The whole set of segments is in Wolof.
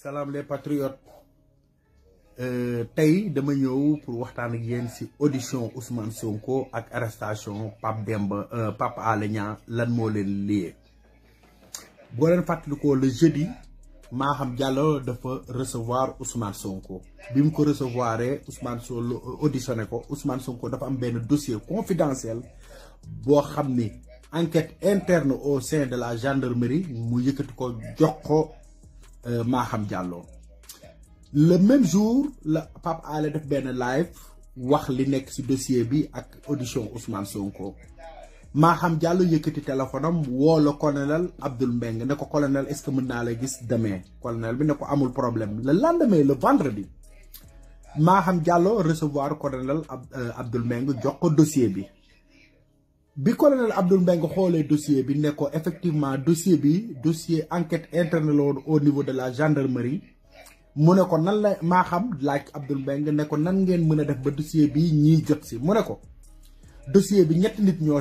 Salam les patriotes euh, tey dama ñëw pour parler ak audition Ousmane Sonko et arrestation Pape Demba euh, Pape Alénia Niang lan lié le jeudi Maham Diallo dafa recevoir Ousmane Sonko bi ko recevoir Ousmane Sonko euh, auditionné ko Ousmane Sonko dafa am dossier confidentiel bo xamné enquête interne au sein de la gendarmerie mu yëkkati ko jox euh, Maham Diallo le même jour le Pape Alé faire un live wax li dossier bi ak audition Ousmane Sonko Maham Diallo yëkkati téléphone am le colonel Abdul Meng ne ko colonel est-ce que mën la gis demain colonel bi ne ko problème le lendemain le vendredi Maham Diallo recevoir colonel euh, Abdul Meng jox dossier bi bi colonel Abdoul Mbengue xoolee dossier bi neko effectivement dossier bi dossier enquête interne la au niveau de la gendarmerie mu ne nan la ma xam laaj Abdoul Mbengue neko nan ngeen meuna a def ba dossier bi ñi jot si mu ne dossier bi ñet nit ñoo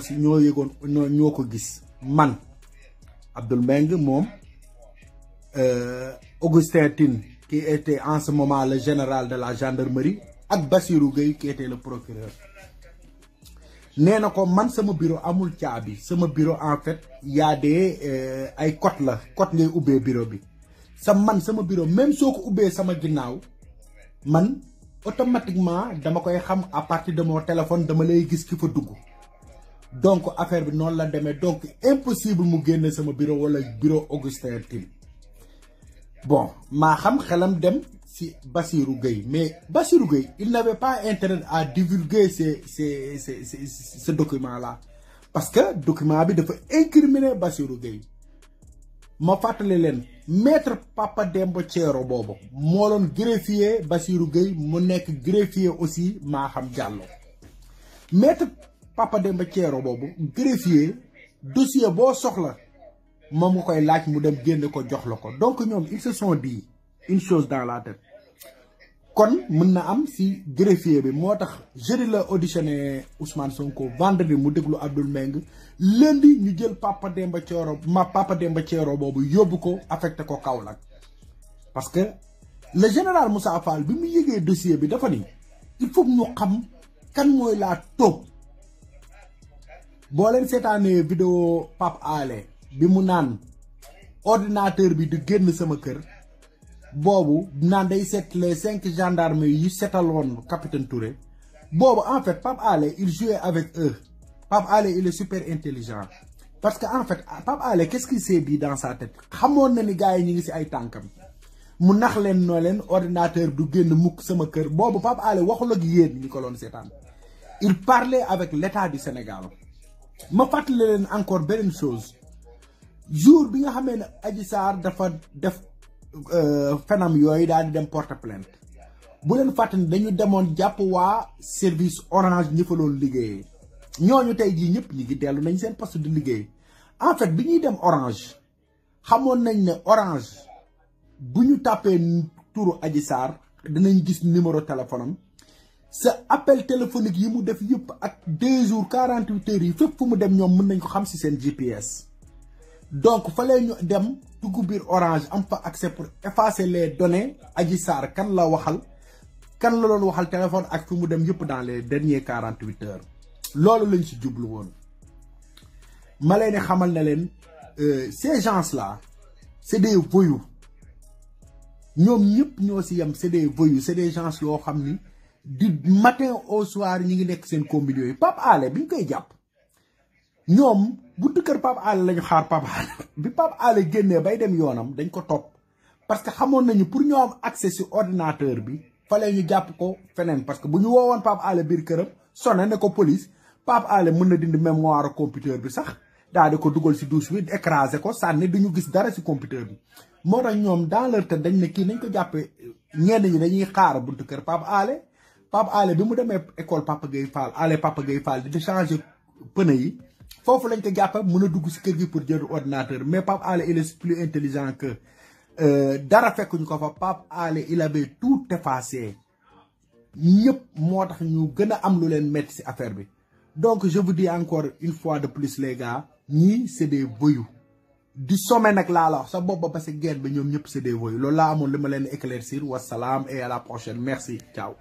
ñoo gis man Abdoul mom euh Augustin 13 qui était en ce moment le général de la gendarmerie ak basirou Gueye qui était le procureur nee na ko man sama bureau amul caabi sama bureau en fait yaa dee euh, ay code la code ngay ubbee bureau bi sa man sama bureau même soo ko ubbee sama ginnaaw man automatiquement dama koy xam à partir de mon téléphone dama lay gis ki fa dugg donc affaire bi noonu la demee donc impossible mu génne sama bureau wala bureau Augustin Tine bon maa xam xelam dem c'est Bassirou Gueye mais Bassirou Gueye il n'avait pas intérêt à divulguer ces ces ces ce document là parce que document bi dafa incriminer Bassirou Gueye ma fàttali leen maître Papa Dembo Thiero Bobo, moo greffier Bassirou Gueye mu nekk greffier aussi Maham Diallo maître Papa Dembo Thiero Bobo, greffier dossier boo soxla moom koy laaj mu dem génn ko jox donc ñom ils se sont dit une chose dans la tête kon mën na am si greffier bi moo tax jeudi la auditionné Ousmane Sonko vendredi mu déglu Abdoul Meng lundi ñu jël Papa Demba Thioro ma Papa Demba Thioro boobu yóbbu ko affecté ko Kaolack parce que le général Moussa Fall bi mu yëgee dossier bi dafa ni il faut ñu xam kan mooy laa toog boo leen seetaanee vidéo Pape Alé bi mu naan ordinateur bi di génn sama kër Bobo, naan set les cinq gendarmes s'étalent setaloon capitaine Touré Bobo en fait Pape Alé il jouait avec eux Pape Alé il est super intelligent parce que en fait Pape Alé qu'est-ce qu'il s'est dit dans sa tête Comment les ni gars yi ñu ngi si ay tànkam mu nax leen noo leen ordinateur du génn mukk sama kër boobu Pape Alé waxul ak yéen ñi ko doon il parlait avec l'état du Sénégal ma vous leen encore une chose jour bi nga a fait fenam euh, yooyu daal di dem porte plainte bu leen fàttali dañu demoon jàpp waa service orange ñi fa loolu liggéeyee ñooñu tey jii ñëpp ñi ngi dellu nañ seen poste de liggéey en fait bi ñuy dem orange xamoon nañ ne orange bu ñu tàppee turu aji Sarr dinañ gis numéro téléphone am sa appel téléphonique yi mu def yëpp ak deux jours quarante huit yi fépp fu mu dem ñoom mën nañ ko xam si seen GPS donc fa ñu dem tout orange am pas accès pour effacer les données à Sarr kan la waxal kan la waxal téléphone ak a dem yëpp dans les derniers 48 heures C'est ce ci je won dire. xamal na que euh, ces gens là c'est des voyous Nous, ñep ñoo ci c'est des voyous c'est des gens qui, xamni du matin au soir ñi ngi nek sen combine Ils Pape Alé bi ñoom buntu kër Pape Alé lañu xaar Pape bi Pape Alé génnee bay dem yoonam dañ ko topp parce que xamoon nañu pour ñoo am si ordinateur bi fale ñu jàpp ko feneen parce que bu ñu woowoon Pape Alé biir këram sone ne ko police Pape mën na dindi mémoire computer bi sax daal di ko dugal si douche bi ko sànni du ñu gis dara si computer bi moo tax ñoom dans leur dañ ne kii nañ ko jàppee ñenn ñi dañuy xaar buntu kër Pape Alé Pape Alé bi mu demee école Papa Gueye Fall Alé Papa Gueye Fall di changé pneu yi foofu lañ ko jàppa mëna dugg ci kër gi pour jël ordinateur mais Pape Alé il est plus intelligent que euh, dara fekkuñ ko fa pap Alé il avait tout effacé ñëpp motax ñu gëna am lu leen metti ci affaire bi donc je vous dis encore une fois de plus les gars ñi c'est des voyous du sommet nak la wax sa bopp parce que guerre bi ñom ñëpp c'est des voyous lool la amone lima leen éclaircir wasalaam et à la prochaine merci ciao